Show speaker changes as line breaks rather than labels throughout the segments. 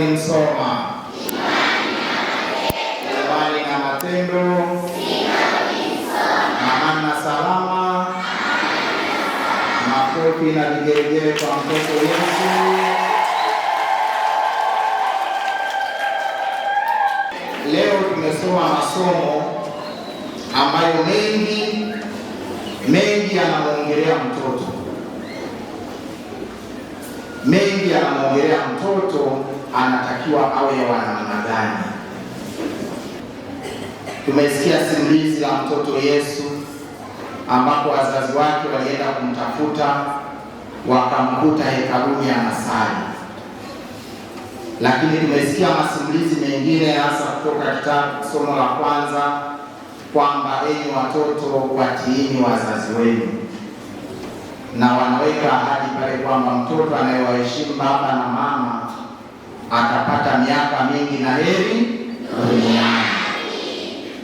Msoma imani na matendo, maana salama makofi na vigelegele kwa mtoto Yesu. Leo tumesoma masomo ambayo mengi mengi yanamwongelea mtoto, mengi yanamwongelea mtoto anatakiwa awe wa namna gani? Tumesikia simulizi la mtoto Yesu ambapo wazazi wake walienda kumtafuta wakamkuta hekaluni anasali, lakini tumesikia masimulizi mengine hasa kutoka kitabu somo la kwanza kwamba enyi watoto watiini wazazi wenu, na wanaweka ahadi pale kwamba mtoto anayewaheshimu baba na mama atapata miaka mingi na heri duniani.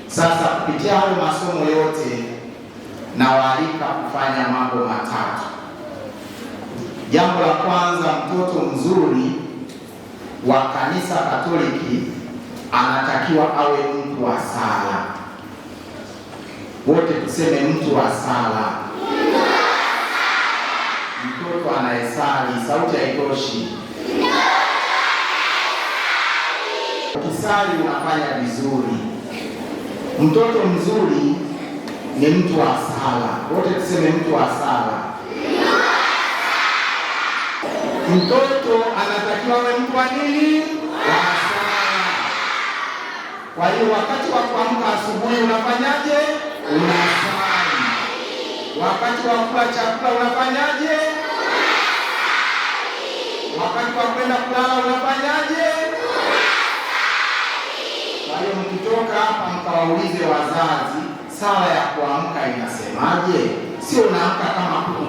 Sasa kupitia hayo masomo yote, nawaalika kufanya mambo matatu. Jambo la kwanza, mtoto mzuri wa kanisa Katoliki anatakiwa awe mtu wa sala. Wote tuseme mtu wa sala. Mtoto anayesali sauti haitoshi kisali unafanya vizuri. Mtoto mzuri ni mtu wa sala, wote tuseme mtu wa sala. Mtoto anatakiwa awe mtu wa nini?
Wa sala.
Kwa hiyo wakati wa kuamka asubuhi unafanyaje?
Unasali.
Wakati wa kula chakula unafanyaje? Wakati wa kwenda kulala unafanyaje? waulize wazazi, sala ya kuamka inasemaje? Sio unaamka kama nje.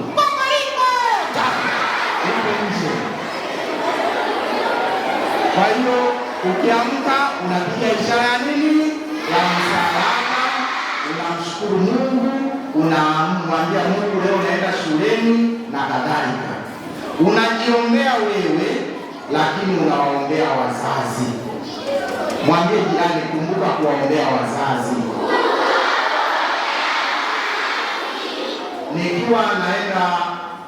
Kwa hiyo ukiamka unapiga ishara ya nini? Ya msalaba, unamshukuru Mungu, unamwambia Mungu leo unaenda shuleni na kadhalika. Unajiombea wewe, lakini unawaombea wazazi. Mwambie jirani, kumbuka kuwaombea wazazi. Nikiwa naenda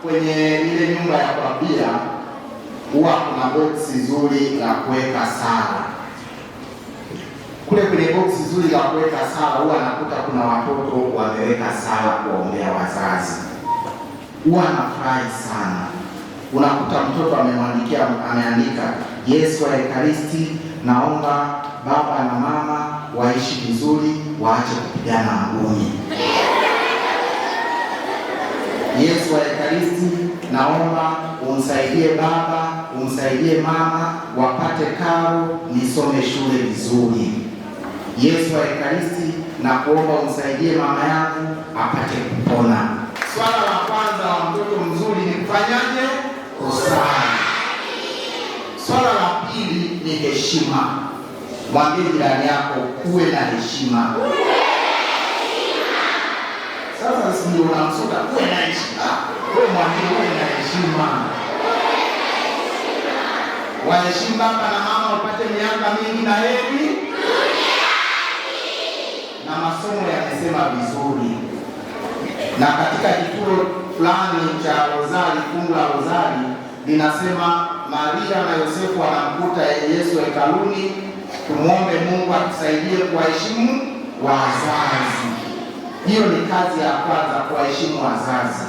kwenye ile nyumba ya kwabia, huwa kuna boksi zuri la kuweka sala. Kule kwenye boksi zuri la kuweka sala, huwa nakuta kuna watoto wameweka sala kuwaombea wazazi. Huwa nafurahi sana, unakuta mtoto amemwandikia, ameandika Yesu wa Ekaristi, naomba baba na mama waishi vizuri, waache kupigana ngumi. Yesu wa Ekaristi, naomba umsaidie baba, umsaidie mama, wapate karo, nisome shule vizuri. Yesu wa Ekaristi, nakuomba umsaidie mama yangu apate kupona. Swala la kwanza la mtoto mzuri ni kufanyaje?
Kusali.
Swala la pili ni heshima. Mwambie jirani yako uwe na heshima. Sasa si ndio unamsuta, uwe na heshima. Wewe mwambie uwe na heshima. Waheshimu baba na mama upate miaka mingi na heri. Na masomo yamesema vizuri. Na katika kituo fulani cha Rozari, fungu la Rozari linasema Maria na Yosefu wanamkuta Yesu hekaluni Tumwombe Mungu atusaidie kuwaheshimu wazazi. Hiyo ni kazi ya kwanza, kuwaheshimu wazazi.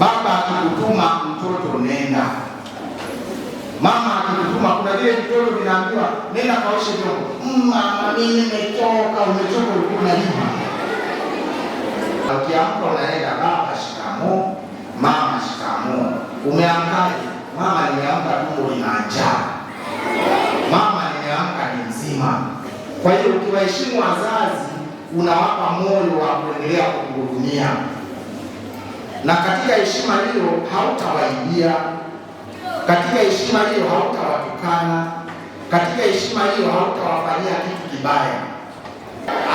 Baba akikutuma mtoto, nenda. Mama akikutuma, kuna vile vitoto vinaambiwa nenda kaoshe vyombo. Mama, mimi nimetoka. Umechoka, ulikuwa unalipa. Ukiamka unaenda, baba shikamoo, mama shikamoo. Umeamkaje? Mama, nimeamka tumbo lina njaa. Kwa hiyo ukiwaheshimu wazazi, unawapa moyo wa kuendelea kukuhudumia, na katika heshima hiyo hautawaibia, katika heshima hiyo hautawatukana, katika heshima hiyo hautawafanyia kitu kibaya.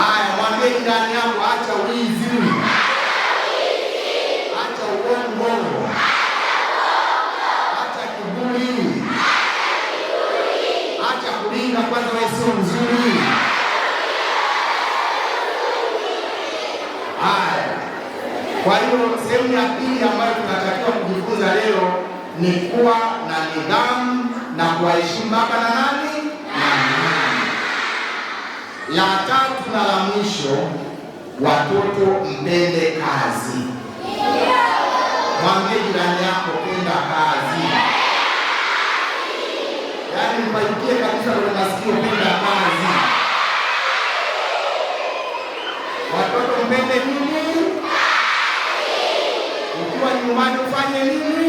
Aya, mwambie ndani yangu, acha wizi. sehemu ya pili ambayo tunatakiwa kujifunza leo ni kuwa na nidhamu na kuwaheshimu baba na nani
na nani.
La tatu na la mwisho, watoto mpende kazi. Mwambie jirani yako penda kazi, yaani mpaikie kabisa kwenye masikio, penda kazi. Watoto mpende nini? nyumbani ufanye nini?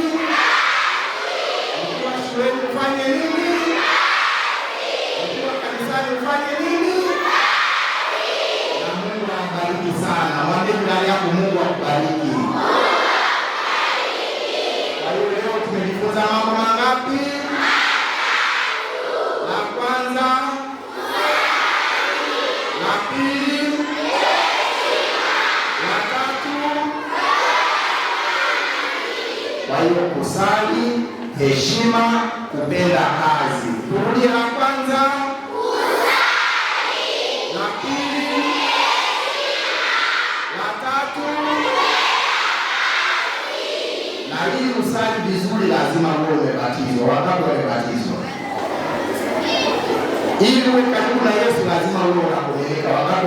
kusali, heshima, kupenda kazi. Turudie la kwanza,
kusali,
la pili, la tatu, na ili usali vizuri lazima uwe umebatizwa. Wangapi wamebatizwa? Ili uwe karibu na Yesu lazima uwe unakomeleka. Wangapi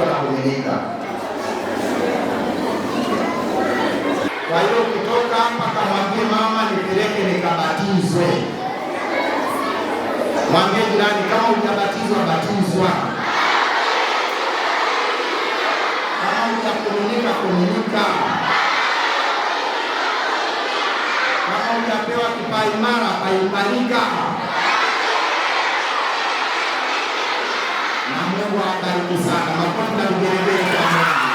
Kwa hiyo hapa kamwambie mama, nipeleke nikabatizwe. Mwambie jirani, kama ujabatizwa batizwa, kama utakurunika kurunika, kama utapewa kipaimara paimarika. Na Mungu awabariki sana. Makofi na vigelegele kwa Mungu.